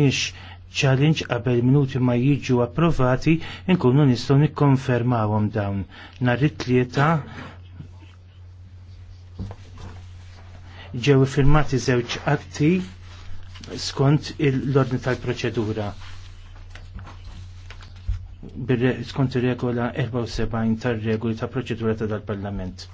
jiex challenge qabel minuti ma jiġu approvati inkunu nistgħu nikkonfermawhom dawn. Nhar it-tlieta ġew firmati żewġ atti skont l-ordni tal-proċedura. Skont ir-regola 74 tar-regoli ta' proċedura ta' dal-Parlament.